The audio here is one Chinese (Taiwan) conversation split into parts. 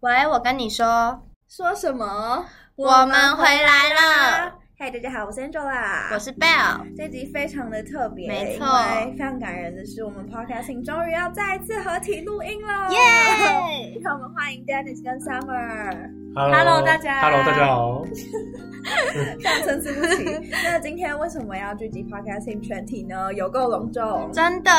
喂，我跟你說，說什麼？我們回來了。嘿，hey, 大家好，我是 Angela。我是 Bell。嗯。這集非常的特別，沒錯，非常感人的是，我們 Podcasting 終於要再一次合體錄音了。耶！讓我們歡迎 Dennis 跟 Summer。Hello，, Hello 大家。Hello，大家好。這樣誠不齊。 那今天為什麼要聚集 Podcast team 全體呢？有夠隆重，真的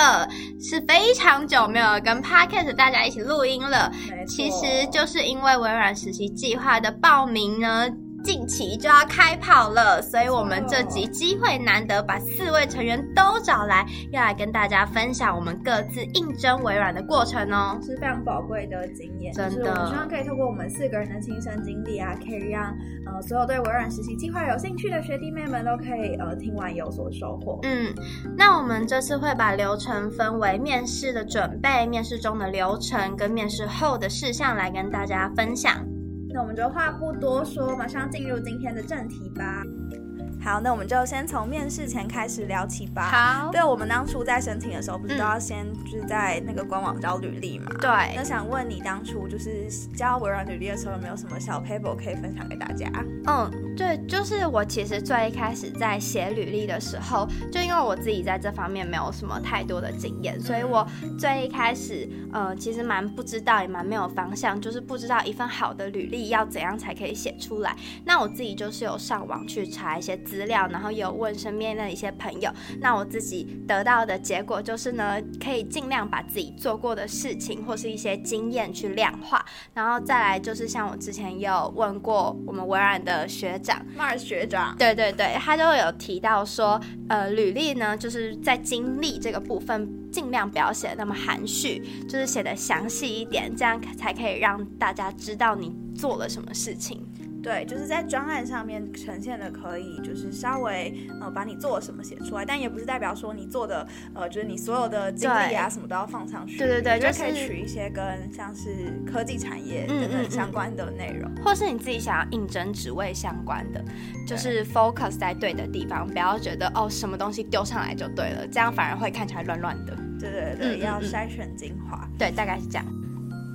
是非常久沒有跟 Podcast 大家一起錄音了。錯其實就是因為微軟實習計劃的報名呢。近期就要開跑了，所以我們這集機會難得，把四位成員都找來，要來跟大家分享我們各自應徵微軟的過程哦、喔，是非常寶貴的經驗。真的，我們希望可以透過我們四個人的親身經歷啊，可以讓呃所有對微軟實習計劃有興趣的學弟妹們都可以呃聽完有所收穫。嗯，那我們這次會把流程分為面試的準備、面試中的流程跟面試後的事項來跟大家分享。那我們就話不多說，馬上進入今天的正題吧。好，那我們就先從面試前開始聊起吧。好，對，我們當初在申請的時候，不是都要先就是在那個官網交履歷嘛？對、嗯。那想問你，當初就是交微軟履歷的時候，有沒有什麼小撇步可以分享給大家？嗯。對，就是我其實最一開始在寫履歷的時候，就因為我自己在這方面沒有什麼太多的經驗，所以我最一開始呃，其實蠻不知道，也蠻沒有方向，就是不知道一份好的履歷要怎樣才可以寫出來。那我自己就是有上網去查一些資料，然後也有問身邊的一些朋友。那我自己得到的結果就是呢，可以盡量把自己做過的事情或是一些經驗去量化，然後再來就是像我之前有問過我們微軟的學長。邁爾學長，對對對，他就有提到說，呃，履歷呢，就是在經歷這個部分，盡量不要寫的那麼含蓄，就是寫的詳細一點，這樣才可以讓大家知道你做了什麼事情。對，就是在專案上面呈現的，可以就是稍微呃把你做了什麼寫出來，但也不是代表說你做的呃就是你所有的經歷啊對什麼都要放上去。對對對，就可以取一些跟、就是、像是科技產業等等相關的內容，嗯嗯嗯、或是你自己想要應徵職位相關的，嗯、就是 focus 在對的地方，不要覺得哦什麼東西丟上來就對了，這樣反而會看起來亂亂的。對對對，要篩選精華。嗯、對，大概是這樣。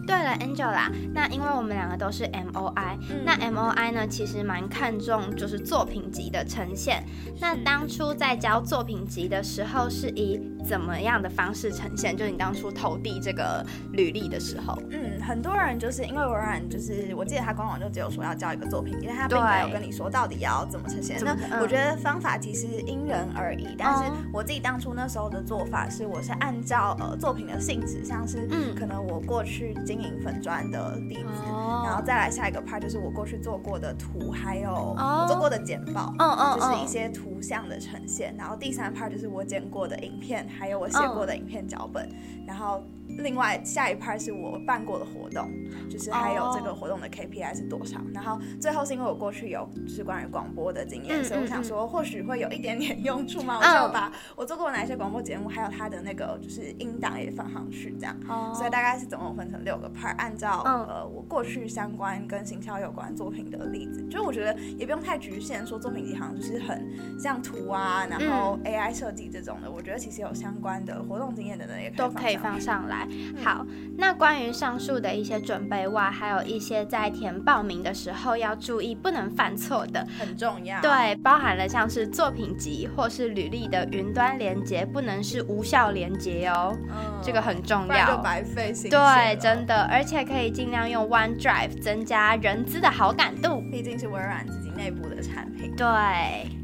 對了，Angel 啦，Angela，那因為我們兩個都是 MOI、嗯、那 MOI 呢，其實蠻看重就是作品集的呈現。是那當初在交作品集的時候，是以怎麼樣的方式呈現？就你當初投遞這個履歷的時候，嗯，很多人就是因為微軟，就是我記得他官網就只有說要交一個作品集，但他並沒有跟你說到底要怎麼呈現。對那、嗯、我覺得方法其實因人而異，但是我自己當初那時候的做法是，我是按照呃作品的性質，像是嗯，可能我過去。經營粉專的例子，oh. 然後再來下一個 part 就是我過去做過的圖，還有我做過的簡報，oh. Oh, oh, oh. 就是一些圖像的呈現。然後第三 part 就是我剪過的影片，還有我寫過的影片腳本，oh. 然後。另外下一 part 是我辦過的活動，就是還有這個活動的 KPI 是多少。Oh. 然後最後是因為我過去有就是關於廣播的經驗，mm hmm. 所以我想說或許會有一點點用處嘛，我就把我做過哪一些廣播節目，還有它的那個就是音檔也放上去這樣。哦，oh. 所以大概是總共分成六個 part，按照、oh. 呃我過去相關跟行銷有關作品的例子，就是我覺得也不用太局限說作品集好像就是很像圖啊，然後 AI 設計這種的，mm hmm. 我覺得其實有相關的活動經驗的人也可以放都可以放上來。嗯、好，那關於上述的一些準備外，還有一些在填報名的時候要注意，不能犯錯的，很重要。對，包含了像是作品集或是履歷的雲端連結，不能是無效連結哦，嗯、這個很重要，白費心。對，真的，而且可以盡量用 OneDrive 增加人資的好感度，畢竟是微軟。內部的產品。對，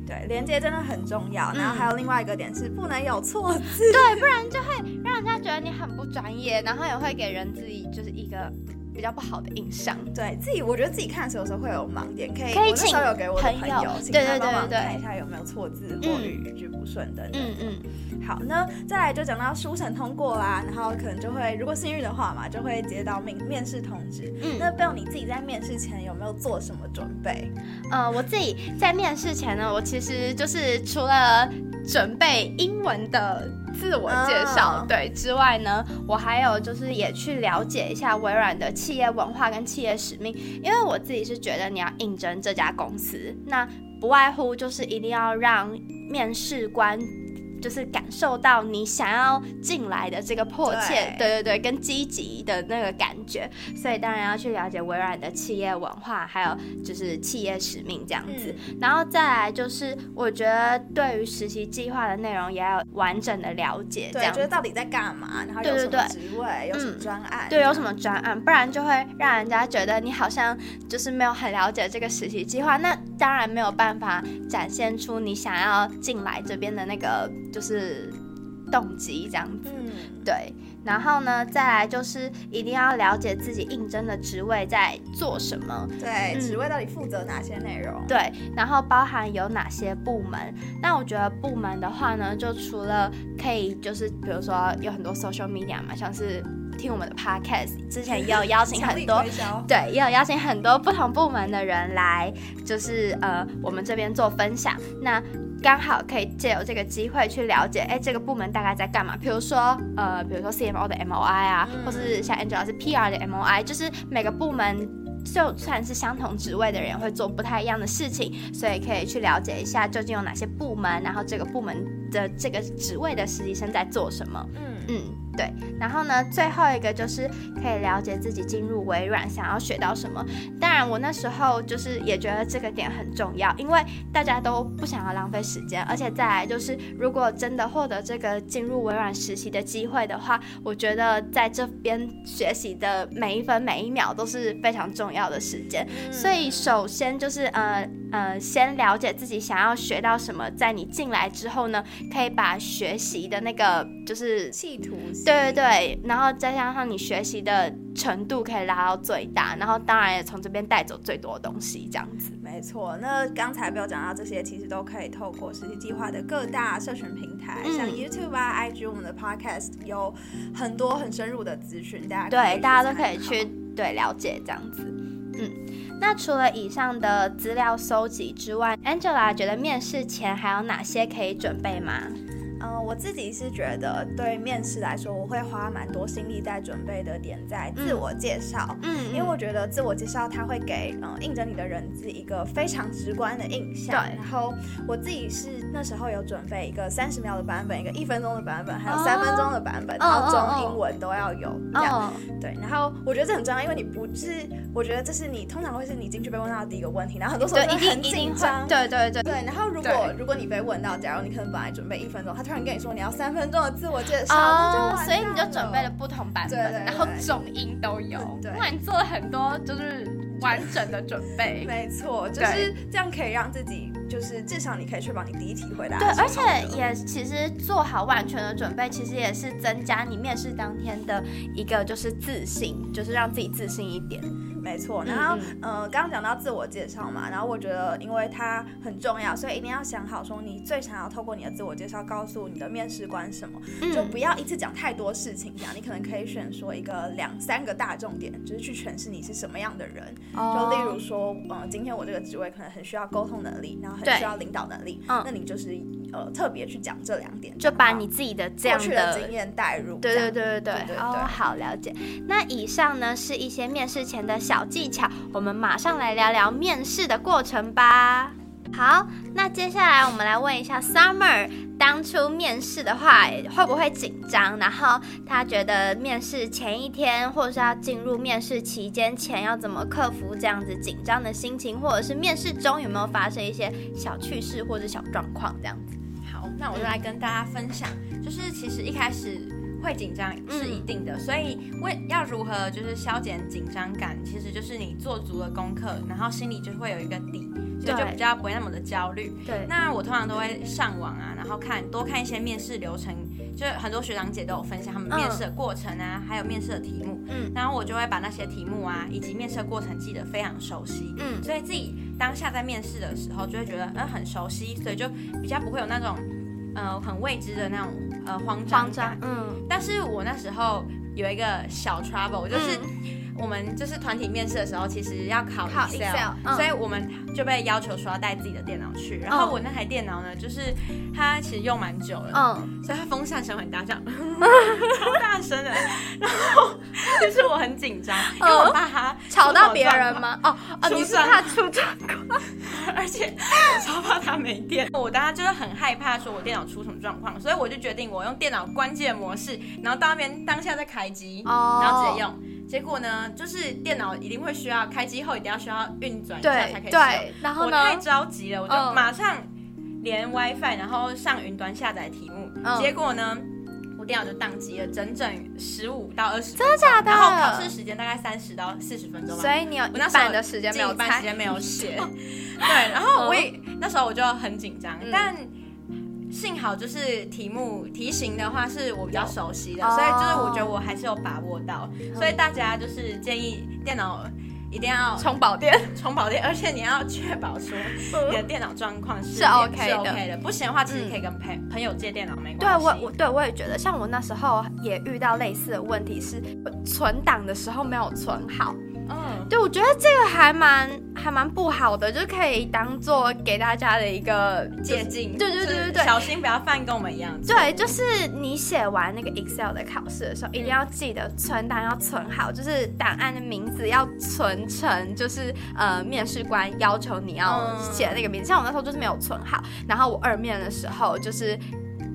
對對，連接真的很重要。然後還有另外一個點是，不能有錯字、嗯，對，不然就會讓人家覺得你很不專業，然後也會給人自己就是一個。比較不好的印象，嗯、對自己，我覺得自己看的時候，有時候會有盲點。可以，可以請朋友，對對對對，請他幫忙看一下有沒有錯字或語句不順等等。嗯嗯，好，那再來就講到書審通過啦，然後可能就會，如果幸運的話嘛，就會接到面面試通知。嗯，那不用你自己在面試前有沒有做什麼準備？呃，我自己在面試前呢，我其實就是除了準備英文的。自我介紹，Oh. 對之外呢，我還有就是也去了解一下微軟的企業文化跟企業使命，因為我自己是覺得你要應徵這家公司，那不外乎就是一定要讓面試官。就是感受到你想要進來的這個迫切，對，對對對，跟積極的那個感覺，所以當然要去了解微軟的企業文化，還有就是企業使命這樣子。嗯、然後再來就是，我覺得對於實習計劃的內容也要完整的了解，對這樣覺得到底在幹嘛，然後有什麼職位，對對對，有什麼專案，嗯、對，樣有什麼專案，不然就會讓人家覺得你好像就是沒有很了解這個實習計劃。那當然沒有辦法展現出你想要進來這邊的那個。就是動機這樣子，嗯、對。然後呢，再來就是一定要了解自己應徵的職位在做什麼，對，嗯、職位到底負責哪些內容，對。然後包含有哪些部門？那我覺得部門的話呢，就除了可以，就是比如說有很多 social media 嘛，像是聽我們的 podcast，之前也有邀請很多， 對，也有邀請很多不同部門的人來，就是呃，我們這邊做分享。那剛好可以借由這個機會去了解，哎，這個部門大概在幹嘛？比如說，呃，比如說 C M O 的 M O I 啊，或是像 Angela 是 P R 的 M O I，就是每個部門就算是相同職位的人會做不太一樣的事情，所以可以去了解一下究竟有哪些部門，然後這個部門的這個職位的實習生在做什麼。嗯嗯。對，然後呢，最後一個就是可以了解自己進入微軟想要學到什麼。當然，我那時候就是也覺得這個點很重要，因為大家都不想要浪費時間，而且再來就是，如果真的獲得這個進入微軟實習的機會的話，我覺得在這邊學習的每一分每一秒都是非常重要的時間。嗯，所以，首先就是呃。呃、先了解自己想要學到什麼，在你進來之後呢，可以把學習的那個就是企圖，對對對，然後再加上你學習的程度可以拉到最大，然後當然也從這邊帶走最多的東西這樣子。沒錯，那剛才沒有講到這些，其實都可以透過實習計劃的各大社群平台，嗯、像 YouTube 啊、IG、我們的 Podcast，有很多很深入的資訊，大家對大家都可以去對了解這樣子，嗯。那除了以上的資料蒐集之外，Angela 覺得面試前還有哪些可以準備嗎？嗯，我自己是覺得對面試來說，我會花蠻多心力在準備的點在自我介紹、嗯。嗯，嗯因為我覺得自我介紹它會給嗯應徵你的人資一個非常直觀的印象。對。然後我自己是那時候有準備一個三十秒的版本，一個一分鐘的版本，還有三分鐘的版本，oh, 然後中英文都要有 oh, oh. 這樣。Oh. 對。然後我覺得這很重要，因為你不是。我覺得這是你通常會是你進去被問到的第一個問題，然後很多時候你一定很緊張，對對對對。然後如果對如果你被問到，假如你可能本來準備一分鐘，他突然跟你說你要三分鐘的自我介紹，Oh, 就所以你就準備了不同版本，對對對對然後中英都有，那對對你做了很多就是完整的準備，嗯、對沒錯，就是這樣可以讓自己就是至少你可以確保你第一題回答對，而且也其實做好完全的準備，其實也是增加你面試當天的一個就是自信，就是讓自己自信一點。沒錯，然後嗯嗯呃，剛剛講到自我介紹嘛，然後我覺得因為它很重要，所以一定要想好，說你最想要透過你的自我介紹告訴你的面試官什麼，嗯、就不要一次講太多事情，講你可能可以選說一個兩三個大重點，就是去詮釋你是什麼樣的人，哦、就例如說，呃，今天我這個職位可能很需要溝通能力，然後很需要領導能力，嗯、那你就是呃特別去講這兩點，就把你自己的這樣的，的經驗帶入，對對對對對。好了解。那以上呢是一些面試前的。小技巧，我們馬上來聊聊面試的過程吧。好，那接下來我們來問一下 Summer，當初面試的話會不會緊張？然後他覺得面試前一天或者是要進入面試期間前，要怎麼克服這樣子緊張的心情？或者是面試中有沒有發生一些小趣事或者小狀況這樣子？好，那我就來跟大家分享，就是其實一開始。會緊張是一定的，嗯、所以為要如何就是消減緊張感，其實就是你做足了功課，然後心裡就會有一個底，就對就比較不會那麼的焦慮。對，那我通常都會上網啊，然後看多看一些面試流程，就很多學長姐都有分享他們面試的過程啊，嗯、還有面試的題目，嗯，然後我就會把那些題目啊以及面試的過程記得非常熟悉，嗯，所以自己當下在面試的時候就會覺得嗯、呃、很熟悉，所以就比較不會有那種呃很未知的那種，呃，慌張，嗯，但是我那時候有一個小 trouble，就是，嗯我們就是團體面試的時候，其實要考 Excel、uh huh. 所以我們就被要求說要帶自己的電腦去。然後我那台電腦呢，就是它其實用蠻久了，嗯、uh，huh. 所以它風扇聲很大，這樣、uh huh. 超大聲的。然後就是我很緊張，uh huh. 因為我怕它、uh huh. 吵到別人嗎？Uh huh. 哦，啊、哦，你是怕出狀況， 而且我超怕它沒電。Uh huh. 我當時就是很害怕，說我電腦出什麼狀況，所以我就決定我用電腦關機模式，然後到那邊當下再開機，uh huh. 然後直接用。結果呢，就是電腦一定會需要開機後一定要需要運轉一下才可以。對，對，然後我太着急了，我就馬上連 WiFi，然後上雲端下載題目。結果呢，我電腦就當機了，整整十五到二十分鐘。真的假的？然後考試時間大概三十到四十分鐘吧。所以你有一半的時間沒有，半時間沒有寫。對，然後我那時候我就很緊張，但。幸好就是題目題型的話是我比較熟悉的，oh. 所以就是我覺得我還是有把握到。Oh. 所以大家就是建議電腦一定要、嗯、充飽電，充飽電，而且你要確保說你的電腦狀況是 OK 的。OK 的，不行的話，其實可以跟朋朋友借電腦，嗯、沒關係。對，我、我對、我也覺得，像我那時候也遇到類似的問題，是存檔的時候沒有存好。嗯， 對，我覺得這個還蠻還蠻不好的，就是可以當做給大家的一個借鏡。對對對對對，小心不要犯跟我們一樣對，對就是你寫完那個 Excel 的考試的時候，嗯、一定要記得存檔，要存好，就是檔案的名字要存成，就是呃面試官要求你要寫的那個名字。嗯、像我那時候就是沒有存好，然後我二面的時候就是。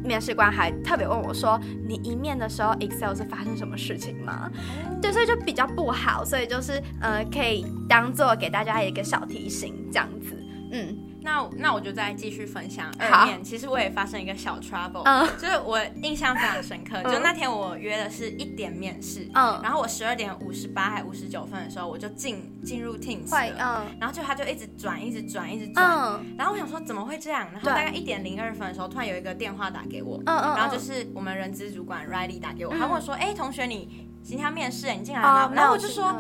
面試官還特別問我說：“你一面的時候 Excel 是發生什麼事情嗎？”對，所以就比較不好，所以就是呃，可以當做給大家一個小提醒，這樣子。嗯，那那我就再繼續分享二面。其實我也發生一個小 trouble，就是我印象非常深刻，就那天我約的是一點面試，嗯，然後我十二點五十八還五十九分的時候，我就進進入 Teams，嗯，然後就他就一直轉，一直轉，一直轉，然後我想說怎麼會這樣？然後大概一點零二分的時候，突然有一個電話打給我，嗯嗯，然後就是我們人資主管 Riley 打給我，他問說，哎，同學你今天要面試，你進來嗎？然後我就說。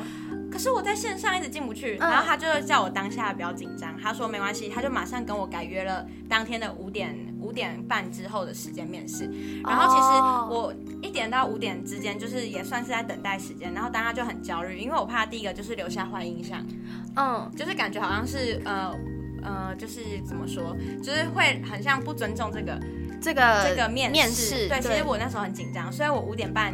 可是我在線上一直進不去，然後他就叫我當下比較緊張，嗯、他說沒關係，他就馬上跟我改約了當天的五點五點半之後的時間面試。然後其實我一點到五點之間，就是也算是在等待時間。然後當下就很焦慮，因為我怕第一個就是留下壞印象，嗯，就是感覺好像是呃呃，就是怎麼說，就是會很像不尊重這個這個這個面面試。對，對其實我那時候很緊張，所以我五點半。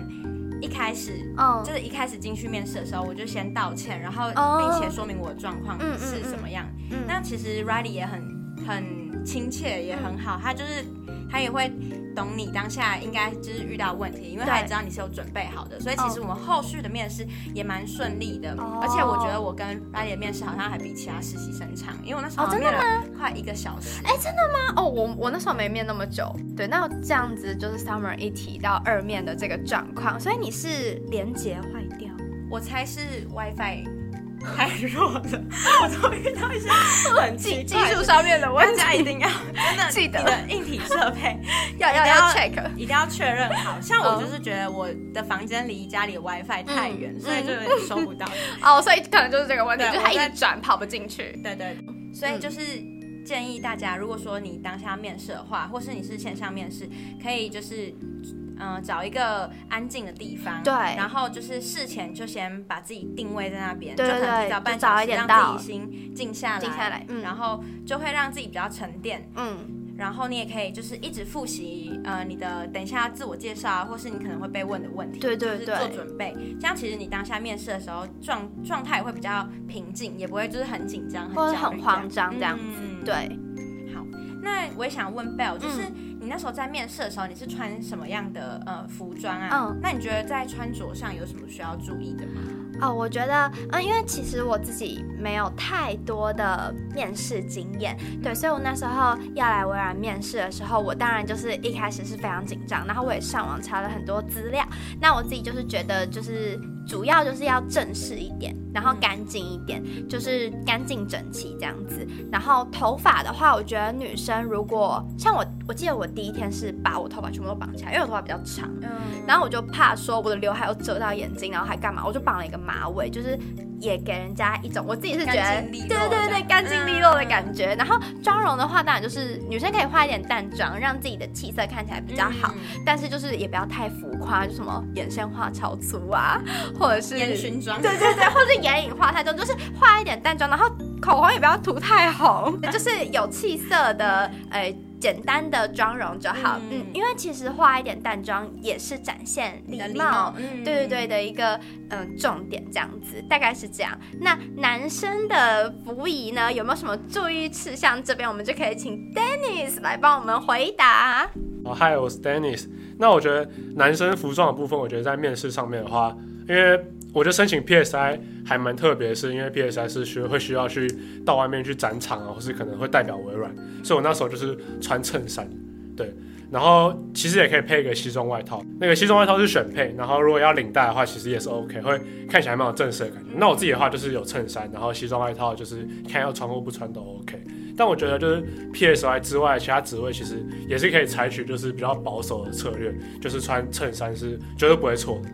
一開始，oh. 就是一開始進去面試的時候，我就先道歉，然後並且說明我的狀況是什麼樣。那、oh. 其實 Riley 也很。很親切也很好，嗯、他就是他也會懂你當下應該就是遇到問題，嗯、因為他也知道你是有準備好的，對所以其實我們後續的面試也蠻順利的。哦、而且我覺得我跟 Ryan 的面試好像還比其他實習生長，哦、因為我那時候面了快一個小時。哎、哦，真的嗎？哦，我我那時候沒面那麼久。對，那這樣子就是 summer 一提到二面的這個狀況，哦、所以你是連接壞掉，我猜是 WiFi。Fi 太弱了，我終於遇到一些很技技術上面的問題，大家一定要真的記得硬體設備要要要 check，一定要確認好。好像我就是覺得我的房間離家裡 WiFi 太遠，嗯、所以就有點收不到、嗯嗯嗯。哦，所以可能就是這個問題，對在就還在轉跑不進去。對，對對，所以就是建議大家，如果說你當下面試的話，或是你是線上面試，可以就是。嗯，找一個安靜的地方，對，然後就是事前就先把自己定位在那邊，就很提早半小時，對，早一點到，讓自己心靜下來，靜下來，然後就會讓自己比較沉澱，嗯，然後你也可以就是一直複習，呃，你的等一下自我介紹啊，或是你可能會被問的問題，對對，做準備，這樣其實你當下面試的時候狀狀態會比較平靜，也不會就是很緊張，或者很慌張這樣子，對，好，那我也想問 Belle 就是。你那時候在面試的時候，你是穿什麼樣的呃服裝啊？嗯，那你覺得在穿着上有什麼需要注意的嗎？哦，我覺得，嗯，因為其實我自己沒有太多的面試經驗，對，所以我那時候要來微軟面試的時候，我當然就是一開始是非常緊張，然後我也上網查了很多資料，那我自己就是覺得就是。主要就是要正式一點，然後乾淨一點，就是乾淨整齊這樣子。然後頭髮的話，我覺得女生如果像我，我記得我第一天是把我頭髮全部都綁起來，因為我頭髮比較長，嗯，然後我就怕說我的劉海又遮到眼睛，然後還幹嘛，我就綁了一個馬尾，就是。也給人家一種，我自己是覺得，對對對，乾淨利落的感覺。嗯、然後妝容的話，當然就是女生可以化一點淡妝，讓自己的氣色看起來比較好。嗯、但是就是也不要太浮誇，就什麼眼線畫超粗啊，或者是煙燻妝，對對對，或者是眼影畫太重，嗯、就是化一點淡妝，然後口紅也不要塗太紅，嗯、就是有氣色的，哎、呃。簡單的妝容就好，嗯，嗯，因為其實化一點淡妝也是展現禮貌，你的禮貌嗯、對對對的一個嗯、呃、重點，這樣子大概是這樣。那男生的服儀呢，有沒有什麼注意事項？這邊我們就可以請 Dennis 來幫我們回答。哦、oh, Hi，我是 Dennis。那我覺得男生服裝的部分，我覺得在面試上面的話，因為。我覺得申請 PSI 還蠻特別，是因為 PSI 是需會需要去到外面去展場啊，或是可能會代表微軟，所以我那時候就是穿襯衫，對，然後其實也可以配一個西裝外套，那個西裝外套是選配，然後如果要領帶的話，其實也是 OK，會看起來蠻有正式的感覺。那我自己的話就是有襯衫，然後西裝外套就是看要穿或不穿都 OK，但我覺得就是 PSI 之外其他職位其實也是可以採取就是比較保守的策略，就是穿襯衫是絕對不會錯的。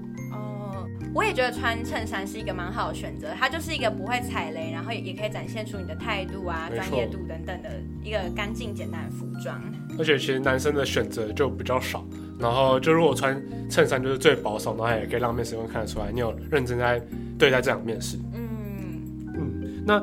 我也覺得穿襯衫是一個蠻好的選擇，它就是一個不會踩雷，然後也也可以展現出你的態度啊、沒錯，專業度等等的一個乾淨簡單的服裝。而且其實男生的選擇就比較少，然後就如果穿襯衫就是最保守的話，也可以讓面試官看得出來你有認真在對待這場面試。嗯嗯，那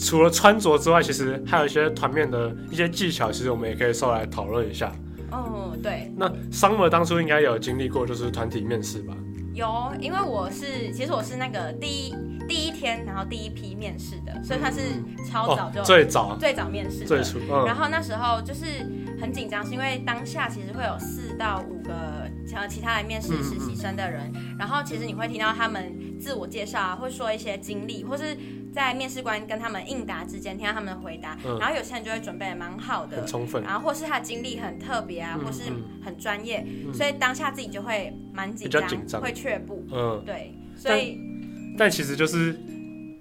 除了穿着之外，其實還有一些團面的一些技巧，其實我們也可以稍微來討論一下。哦，對。那 Summer 當初應該有經歷過就是團體面試吧？有，因為我是，其實我是那個第一第一天，然後第一批面試的，所以他是超早就、哦、最早最早面試的。最初哦、然後那時候就是很緊張，是因為當下其實會有四到五個想其他來面試實習生的人，嗯嗯、然後其實你會聽到他們。自我介紹啊，或說一些經歷，或是在面試官跟他們應答之間，聽到他們的回答，然後有些人就會準備得蠻好的，很充分，然後或是他的經歷很特別啊，或是很專業，所以當下自己就會蠻緊張，比較緊張，會卻步，嗯，對，所以，但其實就是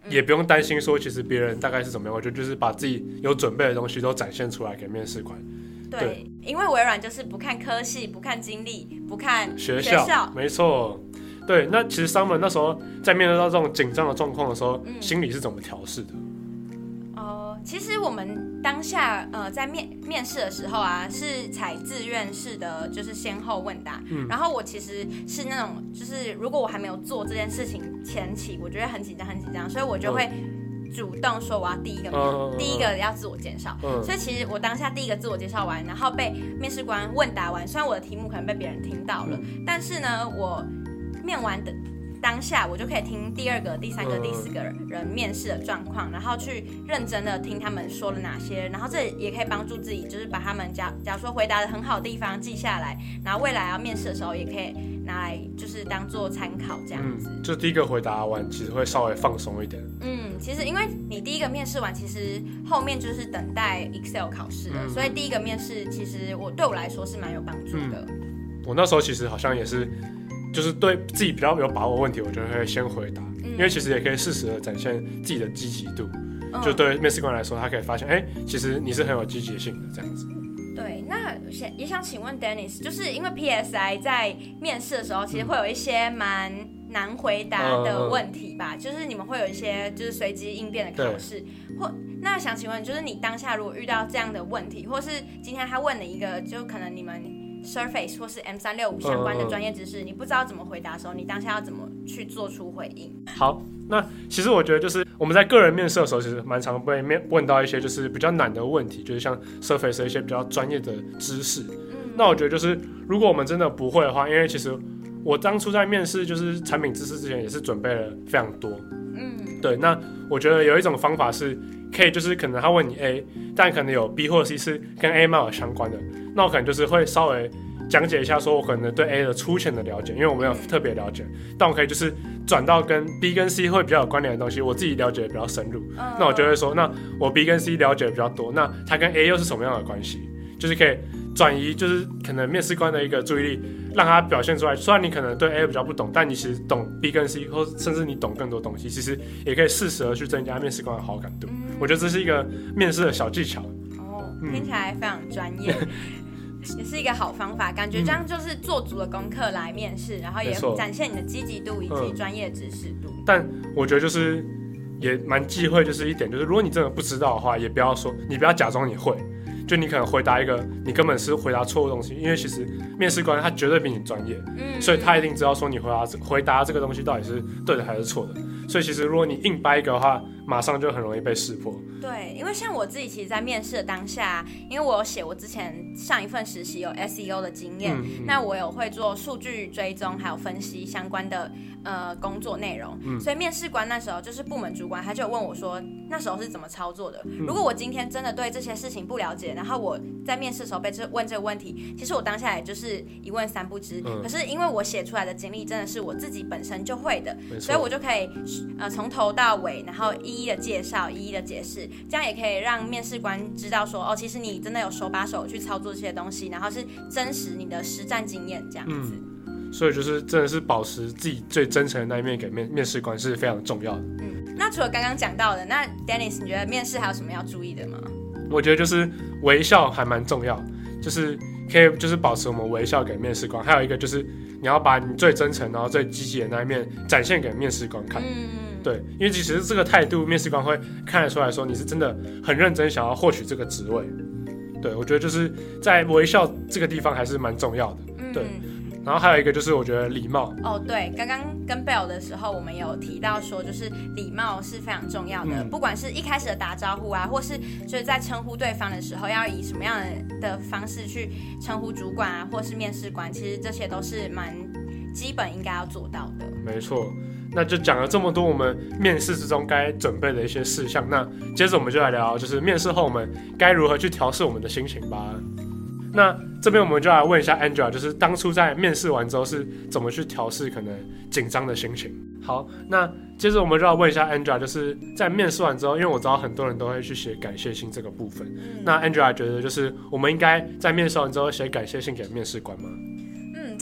也不用擔心說，其實別人大概是怎麼樣，我覺得就是把自己有準備的東西都展現出來給面試官。對，因為微軟就是不看科系，不看經歷，不看學校，沒錯。對，那其實 Summer 那時候在面對到這種緊張的狀況的時候，嗯、心理是怎麼調試的？哦、呃，其實我們當下呃在面面試的時候啊，是採自願式的，就是先後問答。嗯，然後我其實是那種就是，如果我還沒有做這件事情前期，我覺得很緊張很緊張，所以我就會主動說我要第一個，嗯、第一個要自我介紹。嗯，所以其實我當下第一個自我介紹完，然後被面試官問答完，雖然我的題目可能被別人聽到了，是但是呢，我。面完的當下，我就可以聽第二個、第三個、第四個人面試的狀況，嗯、然後去認真的聽他們說了哪些，然後這也可以幫助自己，就是把他們假假如說回答的很好的地方記下來，然後未來要面試的時候也可以拿來就是當做參考這樣子、嗯。就第一個回答完，其實會稍微放鬆一點。嗯，其實因為你第一個面試完，其實後面就是等待 Excel 考試的。嗯、所以第一個面試其實我，對我來說是蠻有幫助的、嗯。我那時候其實好像也是。就是對自己比較沒有把握問題，我就會先回答，嗯、因為其實也可以適時的展現自己的積極度，嗯、就對面試官來說，他可以發現，哎、欸，其實你是很有積極性的這樣子。對，那也想請問 Dennis，就是因為 PSI 在面試的時候，其實會有一些蠻難回答的問題吧？嗯、就是你們會有一些就是隨機應變的考試，對或那想請問，就是你當下如果遇到這樣的問題，或是今天他問了一個，就可能你們。Surface 或是 M 三六五相關的專業知識，嗯、你不知道怎麼回答的時候，你當下要怎麼去做出回應？好，那其實我覺得就是我們在個人面試的時候，其實蠻常被面問到一些就是比較難的問題，就是像 Surface 一些比較專業的知識。嗯、那我覺得就是如果我們真的不會的話，因為其實我當初在面試就是產品知識之前也是準備了非常多。嗯，對。那我覺得有一種方法是可以，就是可能他問你 A，但可能有 B 或 C 是跟 A 蠻有相關的。那我可能就是會稍微講解一下，說我可能對 A 的粗淺的了解，因為我沒有特別了解。但我可以就是轉到跟 B 跟 C 會比較有關聯的東西，我自己了解比較深入。嗯、那我就會說，那我 B 跟 C 了解比較多，那它跟 A 又是什麼樣的關係？就是可以轉移，就是可能面試官的一個注意力，讓他表現出來。雖然你可能對 A 比較不懂，但你其實懂 B 跟 C，或甚至你懂更多東西，其實也可以適時的去增加面試官的好感度。嗯、我覺得這是一個面試的小技巧。哦，嗯、聽起來非常專業。 也是一個好方法，感覺這樣就是做足了功課來面試，嗯、然後也展現你的積極度以及專業知識度，嗯。但我覺得就是也蠻忌諱，就是一點就是，如果你真的不知道的話，也不要說，你不要假裝你會，就你可能回答一個你根本是回答錯誤的東西，因為其實面試官他絕對比你專業，嗯，所以他一定知道說你回答回答這個東西到底是對的還是錯的。所以其實如果你硬掰一個的話，馬上就很容易被識破。對，因為像我自己其實，在面試的當下，啊，因為我有寫我之前上一份實習有 SEO 的經驗，嗯嗯、那我有會做數據追蹤還有分析相關的呃工作內容，嗯、所以面試官那時候就是部門主管，他就問我說那時候是怎麼操作的。嗯、如果我今天真的對這些事情不了解，然後我在面試的時候被這問這個問題，其實我當下也就是一問三不知。嗯、可是因為我寫出來的經歷真的是我自己本身就會的，沒錯，所以我就可以呃從頭到尾，然後一。一一的介紹，一一的解釋，這樣也可以讓面試官知道說，哦，其實你真的有手把手去操作這些東西，然後是真實你的實戰經驗，這樣子。嗯，所以就是真的是保持自己最真誠的那一面給面面試官是非常重要的。嗯，那除了剛剛講到的，那 Dennis，你覺得面試還有什麼要注意的嗎？我覺得就是微笑還蠻重要，就是可以就是保持我們微笑給面試官，還有一個就是你要把你最真誠然後最積極的那一面展現給面試官看。嗯。對，因為其實這個態度，面試官會看得出來說你是真的很認真想要獲取這個職位。對，我覺得就是在微笑這個地方還是蠻重要的。嗯、對，然後還有一個就是我覺得禮貌。哦，對，剛剛跟貝爾的時候，我們有提到說就是禮貌是非常重要的，嗯、不管是一開始的打招呼啊，或是就是在稱呼對方的時候，要以什麼樣的的方式去稱呼主管啊，或是面試官，其實這些都是蠻基本應該要做到的。沒錯。那就講了這麼多，我們面試之中該準備的一些事項。那接着我們就來聊，就是面試後我們該如何去調適我們的心情吧。那這邊我們就來問一下 Angela，就是當初在面試完之後是怎麼去調適可能緊張的心情？好，那接着我們就來問一下 Angela，就是在面試完之後，因為我知道很多人都會去寫感謝信這個部分。那 Angela 覺得，就是我們應該在面試完之後寫感謝信給面試官嗎？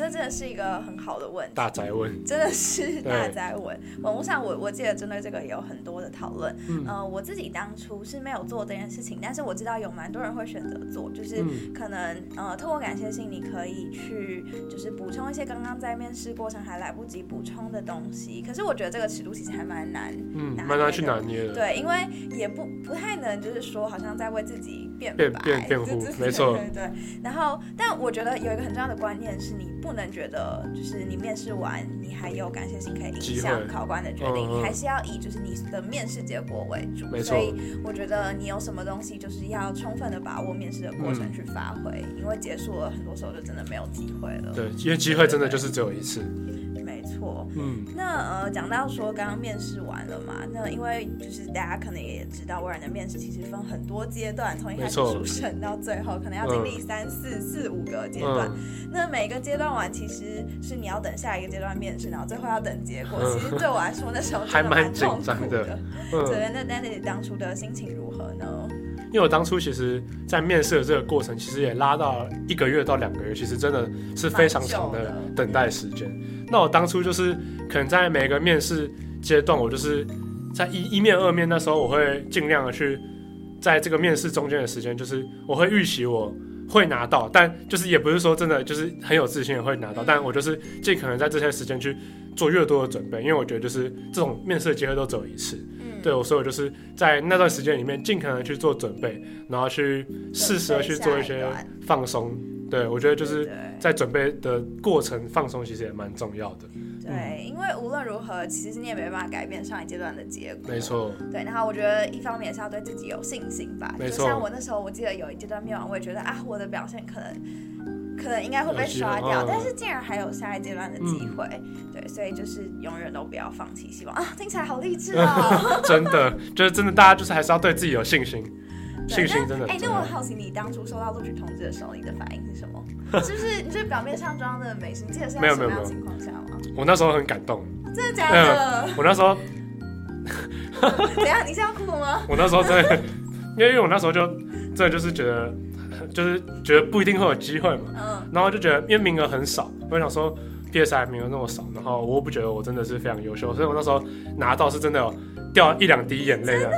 這真的是一個很好的問題，大哉問，真的是大哉問。網絡上我我記得針對這個也有很多的討論。嗯、呃，我自己當初是沒有做這件事情，但是我知道有蠻多人會選擇做，就是可能、嗯、呃透過感謝信你可以去就是補充一些剛剛在面試過程還來不及補充的東西。可是我覺得這個尺度其實還蠻難，嗯，蠻難去拿捏的。對，因為也不不太能就是說好像在為自己辯白、辯護，變變 沒錯錯， 對。然後，但我覺得有一個很重要的觀念是你不。不能覺得就是你面試完，你還有感謝信可以影響考官的決定，嗯嗯你還是要以就是你的面試結果為主。沒錯，所以我覺得你有什麼東西，就是要充分的把握面試的過程去發揮，嗯、因為結束了很多時候就真的沒有機會了。對，因為機會真的就是只有一次。對對對嗯，那呃，講到說剛剛面試完了嘛，那因為就是大家可能也知道，微軟的面試其實分很多階段，從一開始初審到最後，可能要經歷三、嗯、四四五個階段。嗯、那每一個階段完，其實是你要等下一個階段面試，然後最後要等結果。嗯、其實對我來說，那時候蠻痛苦還蠻緊張的。嗯，所以那 Nancy 當初的心情如何呢？因為我當初其實在面試的這個過程，其實也拉到一個月到兩個月，其實真的是非常長的等待時間。那我當初就是可能在每個面試階段，我就是在一一面、二面那時候，我會尽量的去在這個面試中間的時間，就是我會預習，我會拿到，但就是也不是說真的就是很有自信會拿到，但我就是盡可能在這些時間去做越多的準備，因為我覺得就是這種面試的機會都只有一次，嗯、對我、哦，所以我就是在那段時間裡面盡可能去做準備，然後去適時的去做一些放鬆。對，我覺得就是在準備的過程放鬆，其實也蠻重要的。對，嗯、因為無論如何，其實你也沒辦法改變上一階段的結果。沒錯。對，然後我覺得一方面也是要對自己有信心吧。沒錯。就像我那時候，我記得有一階段面完，我也覺得啊，我的表現可能可能應該會被刷掉，啊、但是竟然還有下一階段的機會。嗯、對，所以就是永遠都不要放棄希望啊！聽起來好勵志啊、哦！真的， 就是真的，大家就是還是要對自己有信心。對信心但真的。哎、欸，那我好奇你當初收到錄取通知的時候，你的反應是什麼？ 是不是你就表面上裝的沒事？你記得是在什麼樣的情況下嗎？沒有沒有沒有？我那時候很感動。真的假的、嗯？我那時候， 等一下，你是要哭嗎？我那時候真的，因為因為我那時候就真的就是覺得，就是覺得不一定會有機會嘛。嗯。然後就覺得，因為名額很少，我想說，P.S.I 名額那麼少，然後我又不覺得我真的是非常優秀，所以我那時候拿到是真的有。掉一兩滴眼淚了，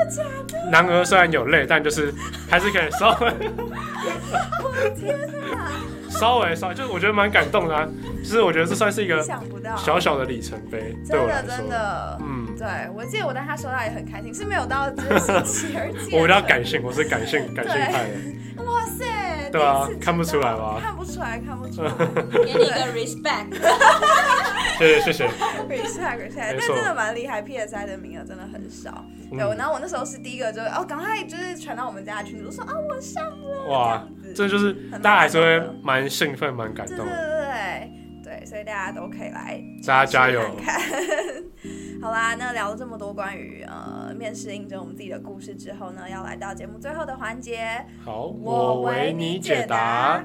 男兒雖然有淚，但就是還是可以收。 我稍微，稍微就我覺得蠻感動的，其實我覺得這算是一個小小的里程碑。真的，真的，嗯，對，我記得我當他收到也很開心，是沒有到喜而驚。我比較感性，我是感性，感性派的。哇塞！對啊，看不出來吧，看不出來，看不出來。給你個 respect，謝謝謝謝。respect，謝謝真的蠻厲害。PSI 的名額真的很少，對。然後我那時候是第一個，就哦，趕快就是傳到我們家群組，說啊，我上了。哇。這就是大家還是會蠻興奮、蠻、嗯、感動，感動對對，對，對，所以大家都可以來試試看看，大家加油！ 好啦，那聊了這麼多關於呃面試應徵我們自己的故事之後呢，要來到節目最後的環節。好，我為你解答。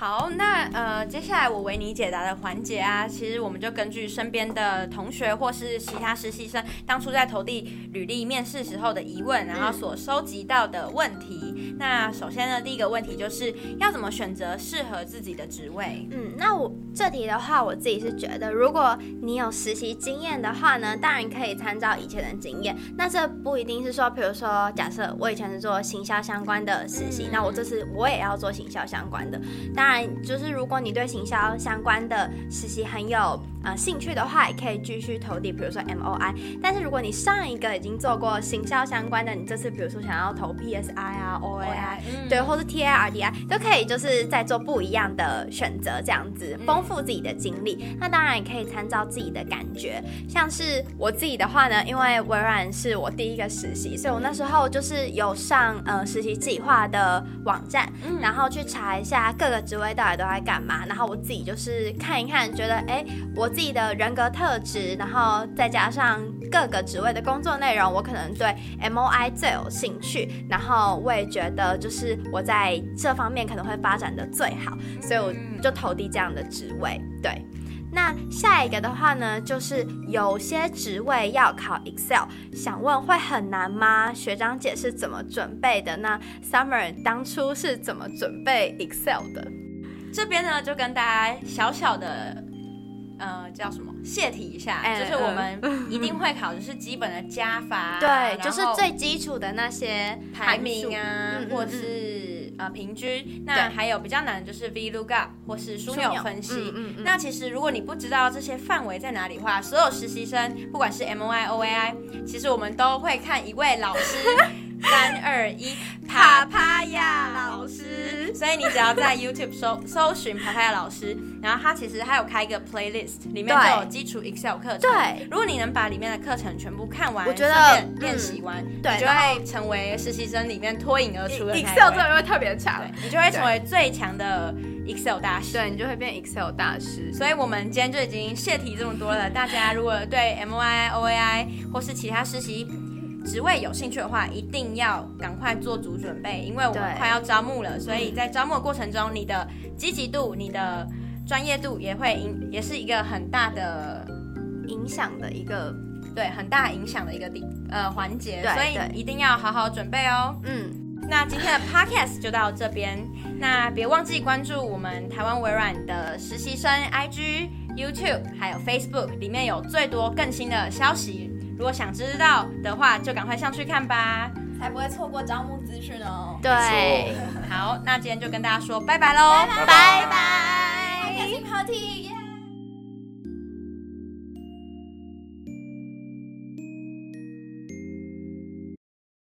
好，那呃，接下來我為你解答的環節啊，其實我們就根據身邊的同學或是其他實習生當初在投遞履歷、面試時候的疑問，然後所收集到的問題。嗯、那首先呢，第一個問題就是要怎麼選擇適合自己的職位？嗯，那我這題的話，我自己是覺得，如果你有實習經驗的話呢，當然可以參照以前的經驗。那這不一定是說，比如說，假設我以前是做行銷相關的實習，嗯、那我這次、就是、我也要做行銷相關的，當然就是如果你對行銷相關的實習很有呃興趣的話，也可以繼續投遞，比如說 M O I，但是如果你上一個已經做過行銷相關的，你這次比如說想要投 P S I 啊 O A I、嗯、對，或是 T I R D I 都可以，就是在做不一樣的選擇，這樣子豐、嗯、富自己的經歷。嗯、那當然也可以參照自己的感覺，像是我自己的話呢，因為微軟是我第一個實習，所以我那時候就是有上呃實習計劃的網站，嗯、然後去查一下各個職位。職位到底都在幹嘛？然後我自己就是看一看，覺得誒、欸，我自己的人格特質，然後再加上各個職位的工作內容，我可能對 MOI 最有興趣。然後我也覺得就是我在這方面可能會發展的最好，所以我就投遞這樣的職位。對，那下一個的話呢，就是有些職位要考 Excel，想問會很難嗎？學長姐是怎麼準備的？那 Summer 當初是怎麼準備 Excel 的？這邊呢，就跟大家小小的，呃，叫什麼，洩題一下，欸、就是我們一定會考的是基本的加法， 對，啊、就是最基礎的那些排名啊，嗯嗯嗯或是呃平均。對那還有比較難的就是 VLOOKUP 或是樞紐分析。嗯嗯嗯那其實如果你不知道這些範圍在哪裡的話，所有實習生不管是 MIOAI、嗯嗯嗯、其實我們都會看一位老師。 三二一，帕帕雅老師。帕帕，所以你只要在 YouTube 搜搜尋帕帕雅老師，然後他其實還有開一個 playlist，裡面就有基礎 Excel 課程。對，如果你能把裡面的課程全部看完，我覺得練習完，對、嗯，你就會成為實習生裡面脫穎而出的 Excel，作不會特別強？你就會成為最強的 Excel 大師。對，你就會變 Excel 大師。所以，我們今天就已經洩題這麼多了。大家如果對 M Y O A I 或是其他實習，職位有興趣的話，一定要趕快做足準備，因為我們快要招募了。對所以在招募的過程中，嗯、你的積極度、你的專業度也會影，也是一個很大的影響的一個對，很大影響的一個地呃環節，環節所以一定要好好準備哦。嗯，那今天的 podcast 就到這邊， 那別忘記關注我們台灣微軟的實習生 IG、YouTube 還有 Facebook，裡面有最多更新的消息。如果想知道的話，就趕快上去看吧，才不會錯過招募資訊哦。對， 好，那今天就跟大家說拜拜嘍，拜拜。